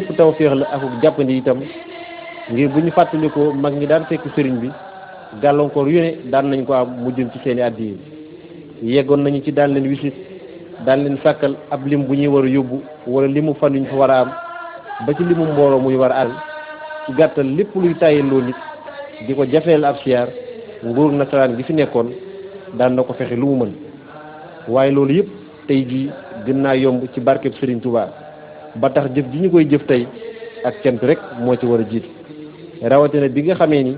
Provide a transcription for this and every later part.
lépp tawféex la ak jàppandi itam ngir bu ñu fàttalikoo mag ñi daan fekk sëriñ bi gàllankoor yu ne daan nañ ko am mu jëm ci seeni addiya yi yeggoon nañu ci daan leen wisit daan leen sàkkal ab lim bu ñuy war a yóbbu wala limu fan yu ñu fa war a am ba ci limu mbooloo muy war a àll ci gàttal lépp luy tàyyiloo nit di ko jafeel ab siyaar nguur nasaraan gi fi nekkoon daan na ko fexe lu mu mën waaye loolu yëpp tey jii gën naa yomb ci barkeb Sëriñ Tuubaa ba tax jëf ji ñu koy jëf tey ak cant rek moo ci war a jiitu rawatina bi nga xamee ni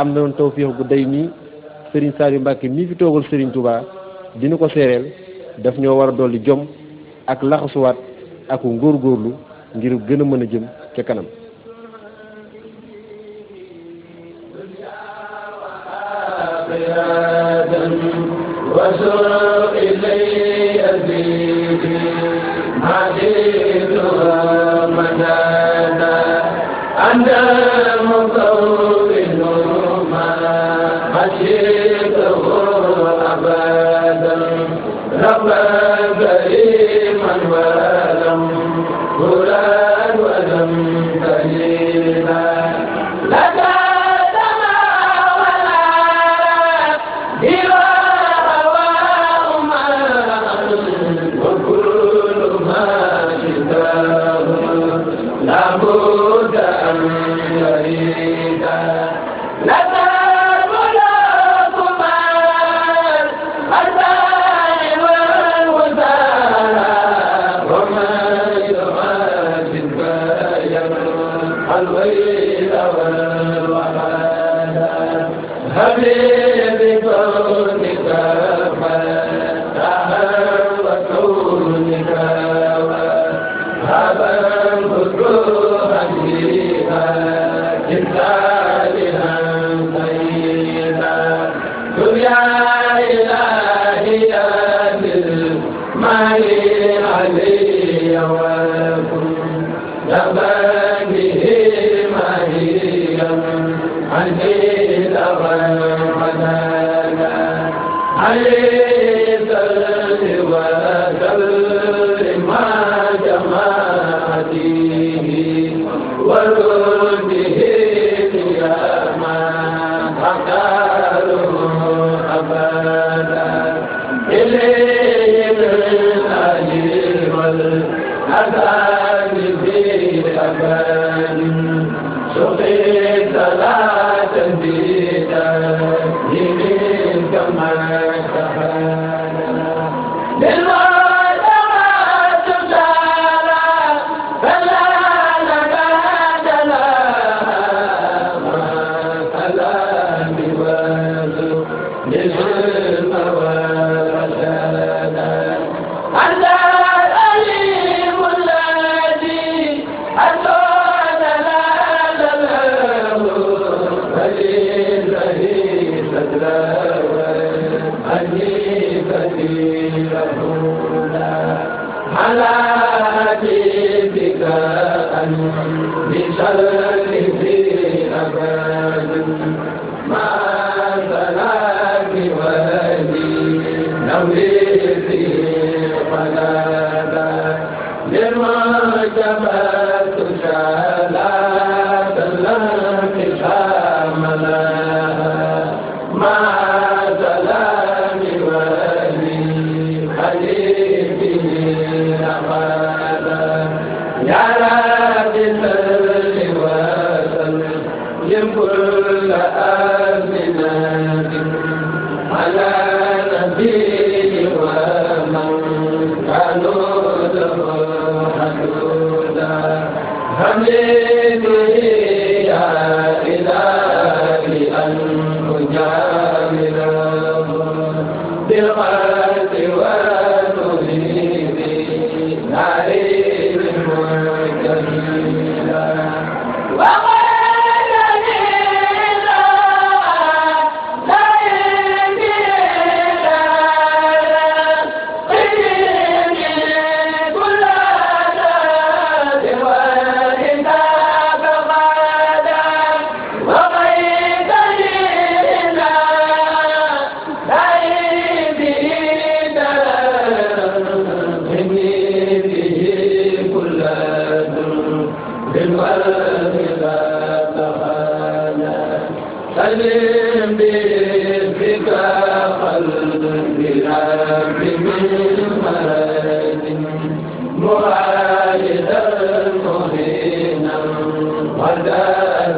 am na taw tawféex gu day nii Serigne yu Mbacke mii fi toogal Serigne Touba dina ko seereel daf ñoo war a dolli jom ak laxasuwaat ak ngóorgóorlu ngir gën a mën a jëm ca kanam. Gracias. إليه من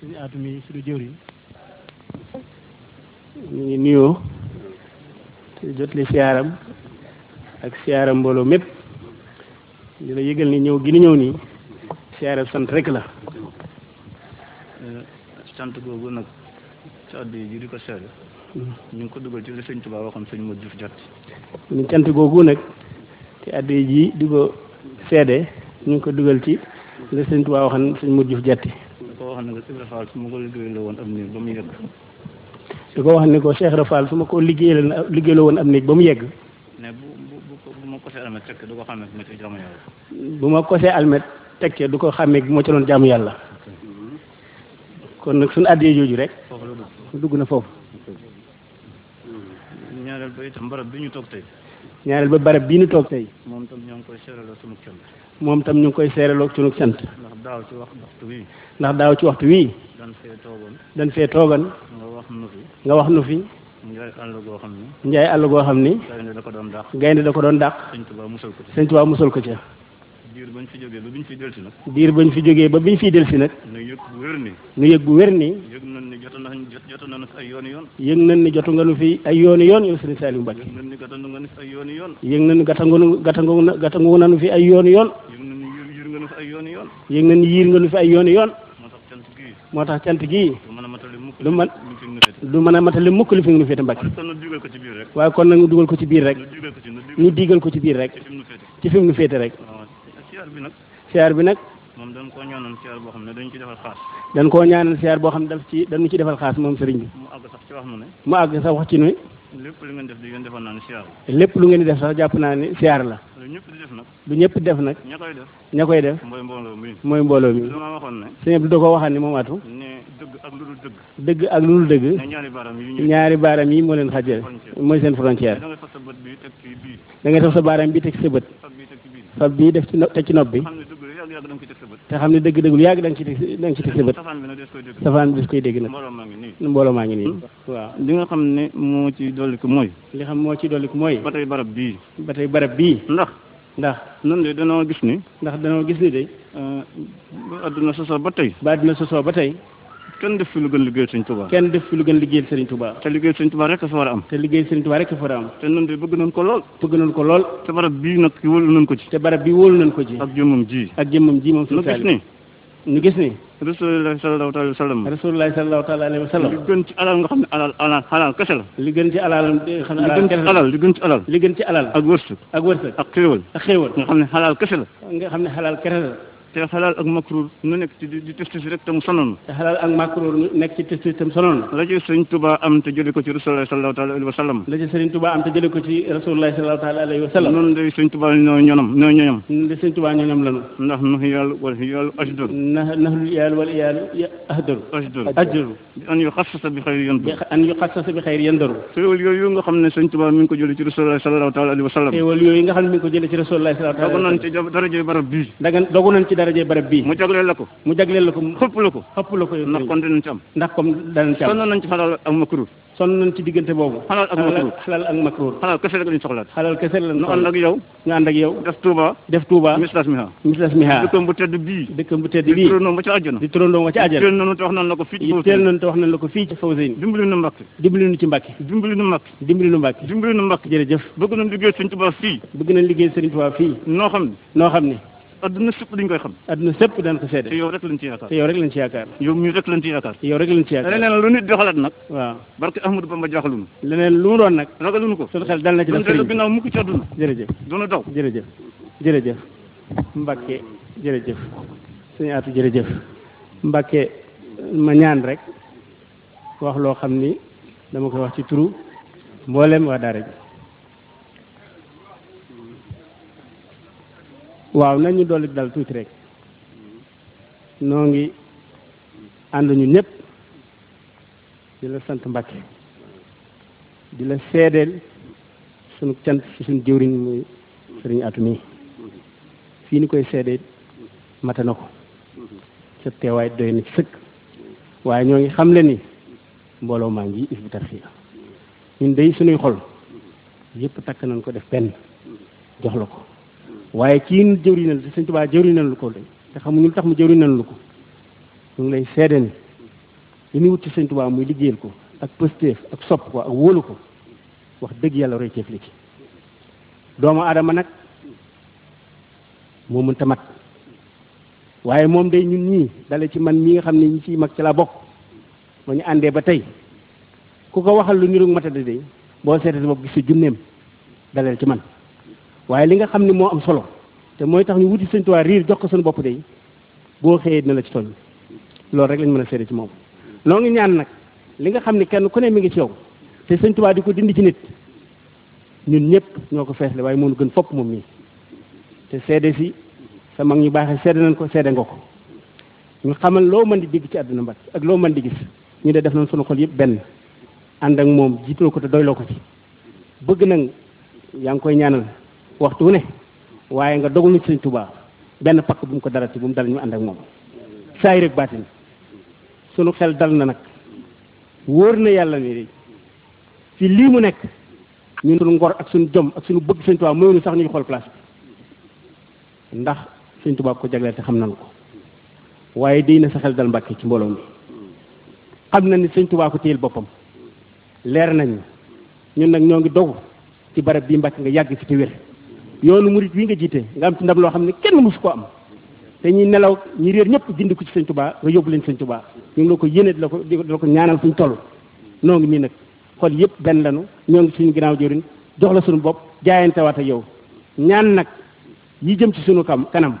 suñu atum yi suñu jëwriñ ñu ngi nuyoo te jotli siyaaram ak siyaaram mbooloo mépp di la yëgal ni ñëw gi ñëw nii siyaara sant rek la eh, sant googu nag ci àddu yi di ko mm. ñu ngi ko dugal ci li sëñ Tuubaa waxoon sëñ Modou Diouf jot ni cant googu nag te addiya ji di ko seede ñu ngi ko dugal ci la sëñ Tuubaa waxoon sëñ Mor Juuf Jatti da ko wax ne ko Cheikh Rafal su ko woon am néeg ba ko wax ne ko Cheikh Rafal su ma ko liggéeyal liggéeyal woon am néeg ba mu yegg ne bu bu ma kosee almet teg du ko xàmmee bu ma ci jaamu yàlla bu du ko xàmmee bu ma ci doon jaamu yàlla kon nag suñ addiya yooyu rek dugg na foofu ñaareel ba itam barab ñu toog tey ñaareel ba barab bii nu toog tey. moom tam ñoo ngi koy seeraloo moom tam ñu ngi koy seeraloo sunu cant. ndax daaw ci waxtu wii. ndax daaw ci waxtu wii. dan fee toogoon. dañ fee toogoon. nga wax nu fi. nga wax nu fi. njaay àll goo xam ni. njaay àll goo xam ni. gaynde da ko doon dàq. gaynde da ko doon dàq. sëñ Tuubaa musal ko ca. sëñ Tuubaa musal ko ca. diir bañ fi jógee ba ñu fiy delsi nag. diir bañ fi jógee ba biñ fiy delsi nag. nu yëg bu wér nii. nu yëg bu wér nii. jotoon nañu fi ay yoon yoon. yëg nañ ni jotu nga nu fi ay yoon yoon yow Serigne Saliou Mbacké. yëg nañ ni gàttangu nga nu fi ay yoon yoon. yëg nañ ni yiir nga nu fi ay yoon yoon. moo tax cant gii. du mën du mën a matali mukk li fi nu féete Mbacké. waaye kon nag ñu dugal ko ci biir rek. ñu digal ko ci biir rek. ci fi mu nu féete rek. siyaar bi nag. dan dañ koo ñaanal siyaar bo xamne dañ ci defal xaas dañ ko ñaanal siyaar bo xamne daf ci ci defal xaas mom serigne bi mu àgg sax ci wax nu ne mu àgg sax wax ci nu lepp lu ngeen def di ngeen defal naa lepp lu ngeen di def sax japp naa ne la lu ñepp di def nak lu ñepp def nak ñakoy def ñakoy def mooy mbolo mi mooy mbolo mi ma ne sëñ bi da ko waxaan ne atu ne dëgg ak lu dul dëgg ak lu dul ñaari baaram yi ñaari yi leen te xam ne dëgg dëggul yàgg da nga ci teg da nga ci teg sa bët safaan bi des koy dégg nag mbooloo maa ngi nii hmm? waaw li nga xam ne moo ci dolli ko mooy li xam moo ci dolli ko mooy ba tey barab bii ba tey barab bii ndax ndax noonu de danoo gis ni ndax danoo gis ni de euh, ba adduna sosoo ba tey ba adduna sosoo ba tey kenn def fi lu gën liggéey sëriñ Touba kenn def fi lu gën liggéeyal sëriñ Touba te liggéey sëriñ Touba rek fa war a am te liggéey sëriñ Touba rek fa war a am te nun de bëgg nañ ko lool bëgg nañ ko lool te barab bii nag wóolu nañ ko ci te barab bi wóolu nañ ko ci ak jëmmam ji ak jëmmam ji moom sëriñ Saliou ñu gis ni rasulullah sallallahu alayhi wa sallam rasulullah sallallahu alayhi wa sallam li gën ci alal nga xam ne alal alal halal kese la li gën ci alal xam ne alal li gën ci alal li gën ci alal ak wërsëg ak wërsëg ak xéewal ak xéewal nga xam ne halal kese la nga xam ne halal kese la te xalaal ak makruur nu nekk ci di testis rek tam sonon te xalaal ak makruur nekk ci testis tam sonon la ci sëriñ Touba am te jële ko ci rasulullah sallallahu taala alayhi wa sallam la ci sëriñ Touba am te jële ko ci rasulullah sallallahu taala alayhi wa sallam noonu day sëriñ Touba ñoo ñonam ñoo ñoñam noonu day sëriñ Touba ñoñam lanu ndax nu yàlla wal yàlla ajdur nahlu yàlla wal yàlla ahdur ajdur ajdur an yukhassasa bi khayr yandur an yukhassasa bi khayr yandur xéewal yooyu nga xam ne sëriñ Touba mi ngi ko jële ci rasulullah sallallahu taala alayhi wa sallam xéewal yooyu nga xam ne mi ngi ko jële ci rasulullah sallallahu taala alayhi wa sallam dogu nañ ci daraje barab bi dogu nañ ci darajee barab bii mu jagleel la ko mu jagleel la ko xëpp la ko xëpp la ko ndax kon danañ ci am ndax comme danañ ci am sonn nañ ci xalaal ak makruur sonn nañ ci diggante boobu xalaal ak makruur xalaal ak makruur xalaal kese la ñu soxla xalaal kese la ñu ànd ak yow nga ànd ak yow def Touba def Touba mislas miha mislas miha dëkkam bu tedd bii dëkkam bu tedd bii di turandoo ma ci àjjana di turandoo ma ci àjjana teel nañu te wax nañ la ko fii ci teel nañu te wax nañ la ko fii ci Fawzeyni dimbali nu Mbàkke dimbali nu ci Mbàkke dimbali nu Mbàkke dimbali nu Mbàkke dimbali nu Mbàkke jërëjëf bëgg nañ liggéey Sëriñ Tuubaa fii bëgg nañ liggéey Sëriñ Tuubaa fii noo xam ne noo xam ne adduna sëpp dañ koy xam adduna sëpp dañ ko seede te yow rek lañ ci yaakaar te yow rek lañ ci yaakaar yow mii rek lañ ci yaakaar yow rek lañ ci yaakaar leneen lu nit di xalaat nag waaw barke Ahmadou Bamba jaaxalunu leneen lu mu doon nag ragaluñu ko sunu xel dal na ci def sëriñ ginnaaw mukk ci adduna jërëjëf duna daw jërëjëf jërëjëf Mbacke jërëjëf suñu aatu jërëjëf Mbacke ma ñaan rek wax loo xam ni dama koy wax ci turu mboolem waa daara ji waaw nañu dolli dal tuuti rek noo ngi ànd ñu ñépp di la sant Mbàkke di la seedeel suñu cant ci suñu jëwriñ muy sëriñ atu mii fii ni koy seedee mate na ko sa teewaay doy na ci sëkk waaye ñoo ngi xam le ni mbooloo maa ngi is bu tar ñun day suñuy xol yëpp takk nañ ko def benn jox la ko waaye kii jëwriñal si sëñ Tuubaa jëwriñal lu ko lañ te xamuñu lu tax mu jëwriñal lu ko ñu ngi lay seede ni li ñuy wut ci sëñ Tuubaa muy liggéeyal ko ak pëstéef ak sopp ko ak wóolu ko wax dëgg yàlla roy ceef li ci doomu aadama nag moo mënta mat waaye moom day ñun ñii dale ci man ñi nga xam ne ñi ciy mag ci laa bokk ba ñu àndee ba tey ku ko waxal lu niru matadi day boo seetee bopp gis sa junneem daleel ci man waaye li nga xam ne moo am solo te mooy tax ñu wuti sëñ Tuubaa riir jox ko suñu bopp de boo xëyee dina la ci toll loolu rek lañ mën a seede ci moom. noo ngi ñaan nag li nga xam ne kenn ku ne mi ngi ci yow te sëñ Tuubaa di ko dindi ci nit ñun ñëpp ñoo ko feexle waaye moo gën fopp moom mii te seede si sa mag ñu baaxee sedd nañ ko seede nga ko ñu xamal loo mën di dégg ci àdduna mbat ak loo mën di gis ñu de def nañ sunu xol yëpp benn ànd ak moom jiitaloo ko te doyloo ko ci bëgg nag yaa ngi koy ñaanal. waxtu ne waaye nga dogul ñu sëñ tuba benn pakk bu mu ko dara ci bu mu dal ñu ànd ak moom saay rek baatin sunu xel dal na nag wóor na yàlla ni ci lii mu nekk ñun sunu ngor ak suñu jom ak suñu bëgg sëñ tuba ñu sax ñu xool place bi ndax sëñ tuba ko jagleel te xam nañ ko waaye day na sa xel dal ci mbooloo xam na ni sëñ tuba ko téyel boppam leer nañ ñun nag ñoo dogu ci barab bi mbàkke nga yàgg ci te wér yoonu murit wi nga jiite nga am ci ndam loo xam ne kenn mësu koo am te ñuy nelaw ñi réer ñëpp gindi ko ci sëñ Tuubaa nga yóbbu leen sëñ Tuubaa ñu ngi ko yéene di la ko di ko ñaanal fuñ toll noo nii nag xol yëpp benn lanu ñoo ngi suñu ginnaaw jëriñ jox la suñu bopp jaayantewaat ak yow ñaan nag yi jëm ci suñu kam kanam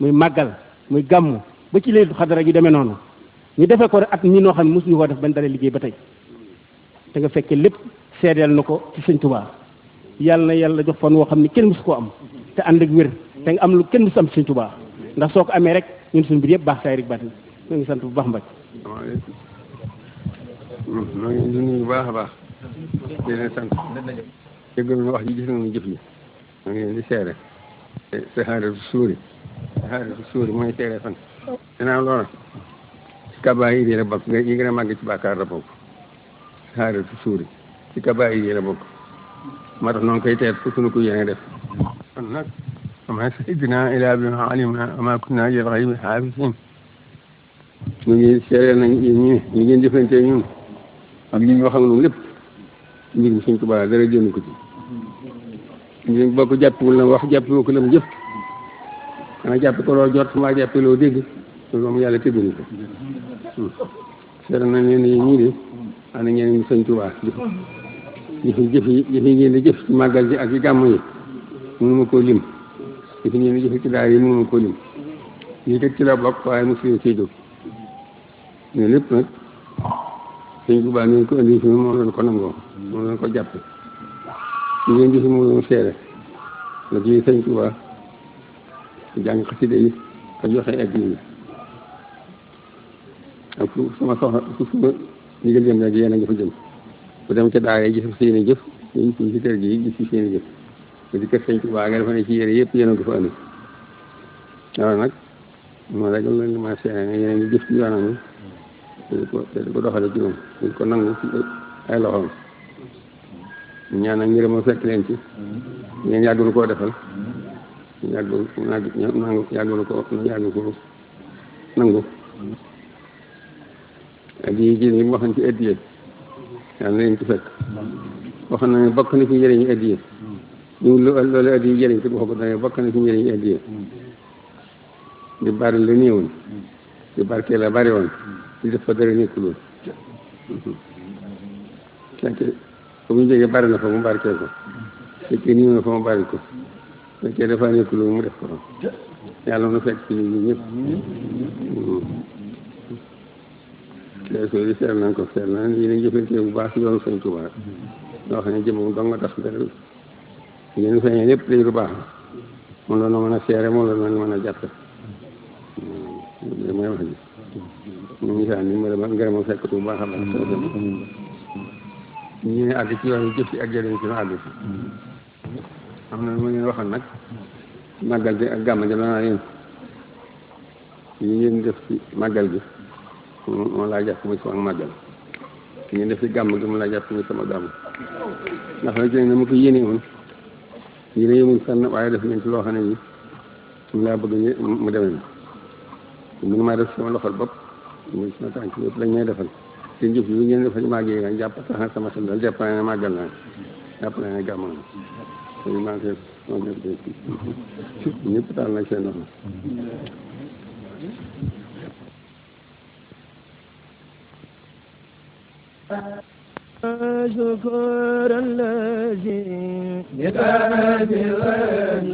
muy màggal muy gàmm ba ci léegi xadara yu demee noonu ñu defee ko at ñi noo xam ne mosuñu koo def bañ dalee liggéey ba tey te nga fekkee lépp seedeel na ko ci sëñ Tuubaa yàlla na yàlla jox fan woo xam ni kenn mësu koo am te ànd ak wér te nga am lu kenn mësu am suñ tubaa ndax soo ko amee rek ñun suñu biir yëpp baax saay rek baatin ñu ngi sant bu baax Mbacke. maa ngi leen di bu baax a baax di leen sant wax ji gis nañu jëf yi maa ngi leen suuri saxaaratu suuri mooy seere fan danaa loola si kabaa yi la bokk yi gën a màgg ci bàkkaar la bokk saxaaratu suuri si kabaa yi la bokk moo tax noonu koy teet fu sunu ko yéene def kon nag ama saydina bi ma alima ama kunna lil ghaybi haafisin ñu ngi seere nañ yéen ñi ñu ngeen jëflante ñun ak li ñu wax ak ñun lépp mbir mi suñ ko baax dara jënd ko ci ñu boo ko jàppewul la wax jàppewoo ko lam jëf xanaa jàppe ko loo jot mbaa jàppe loo dégg loolu moom yàlla tëddani ko hmm. seere nañ leen yéen ñii de ana ñeen ñu sëñ Tuubaa yëfi jëf yi yëfi ak gàmm yi mënuma koo lim yëfi ngeen di ci daal yi mënuma koo ci la bokk waaye mu fi ciy jóg ne lépp nag sëñ Tuubaa mi ko indi fi ko nangoo moom lañ ko jàppe ñu ngeen gis moom lañ seere nag lii sëñ Tuubaa jàng xasida yi ka joxe ak yi ak fu sama soxla suma ndigal jëm rek yéen a nga fa jëm bu dem ci daara gis seen i jëf ñun suñ si kër gi gis si seen i jëf ku ci kër sëñ Tuubaa nga defe ci yére yëpp yéen a ko fa andi loolu nag moom rek loolu ma seene ne yéen a ngi jëf ci yoonam te di ko te di nangu ci ay fekk leen ci ngeen koo defal yàggul nangu yàggul ko yàggul ko nangu ak yi ci ci ëddiye yàlla na leen ci fekk wax na ne bokk na ci njëriñu addiye ñu loolu addiye jëriñ te wax ko dane bokk na ci njëriñu addiye di bari la néewoon di barke la bari woon di def fa dara nekkuloon fekke bu ñu jógee bari na fa mu barkee ko fekkee néew na fa mu bari ko fekkee dafa nekkuloon mu def ko yàlla na fekk ci ñun ñëpp jëfee bi seet ko seet nañ yéen a jëfee bu baax ci yoonu sëñ Tuuba loo xam ne jëmm dong nga tax dara yéen a feeñee lépp day lu baax moom la ñu mën a seere moom la ñu mën a jàpp loolu ngi saa ni ma demal ngërëm fekk bu baax a baax ñu ne àgg ci yoonu jëf ci ak jëriñ ci nu àgg ci am na lu ma leen waxoon nag màggal bi ak gàmm gi la naa yi ngeen def ci màggal bi moom laa jàpp muy sama màggal ñu def ci gàmm gi moom laa jàpp muy sama gàmm ndax nag jëng na ma ko yéene woon ñu ne yemuñ fenn waaye def nañ ci loo xam ne yi mu laa bëgg ñu mu demee ni munu maa def sama loxol bopp muy sama tànk yëpp lañ may defal seen jëf yi ngeen defal màgg yi nag jàpp tax na sama xel daal jàpp naa ne màggal naa jàpp naa ne gàmm na sëñ maa ngi ñëpp taal na seen loxo شكر الذي بفضل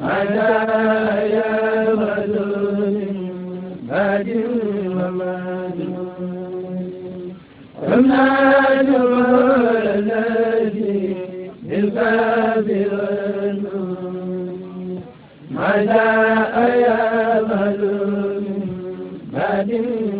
مدى يا مدون مدين ومدون قمنا شكر الذي بفضل مدى يا مدون مدين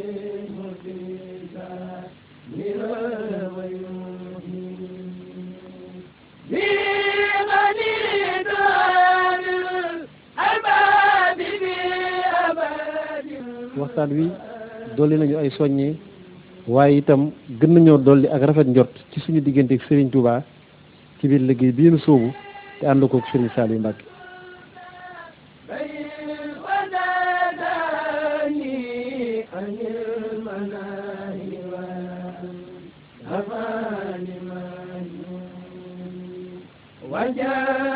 waxtaan wi dolli nañu ay soññe waaye itam gën nañoo dolli ak rafet njot ci suñu diggante ak Serigne Touba ci biir liggéey bi nu sóobu te ànd koog Serigne Saliou Mbacké waja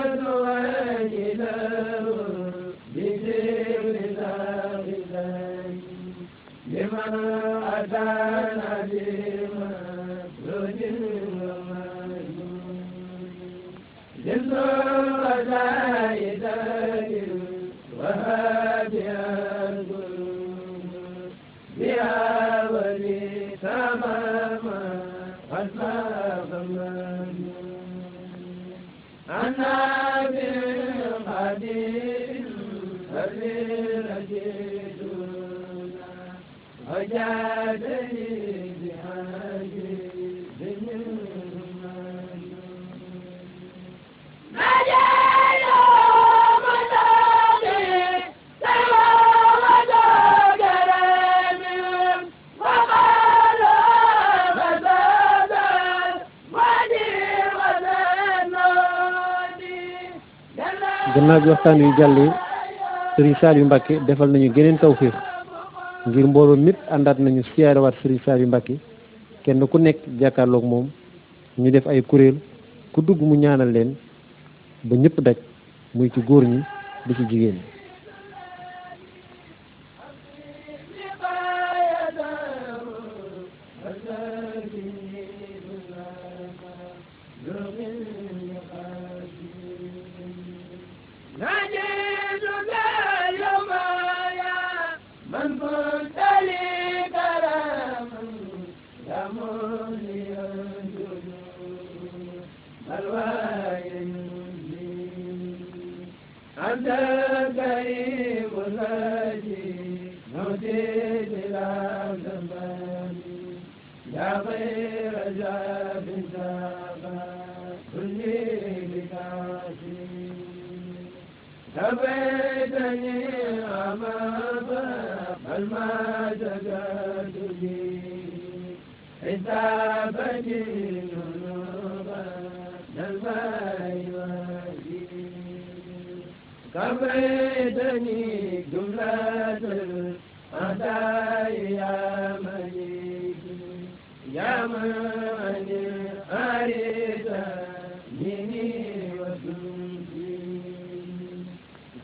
aj waxtaan yu jàllee Serigne Saliou Mbacké defal nañu geneen tawféex ngir mbooloo mépp àndaat nañu siyaarewaat Serigne Saliou Mbacké kenn ku nekk jàkkaarloog moom ñu def ay kuréel ku dugg mu ñaanal leen ba ñëpp daj muy ci góor ñi di ci jigéen ñi تبعدني أمامه المدد لي حسابني ذنوبا للميوزي تبعدني جملة الأداء يا مليك يا من أريد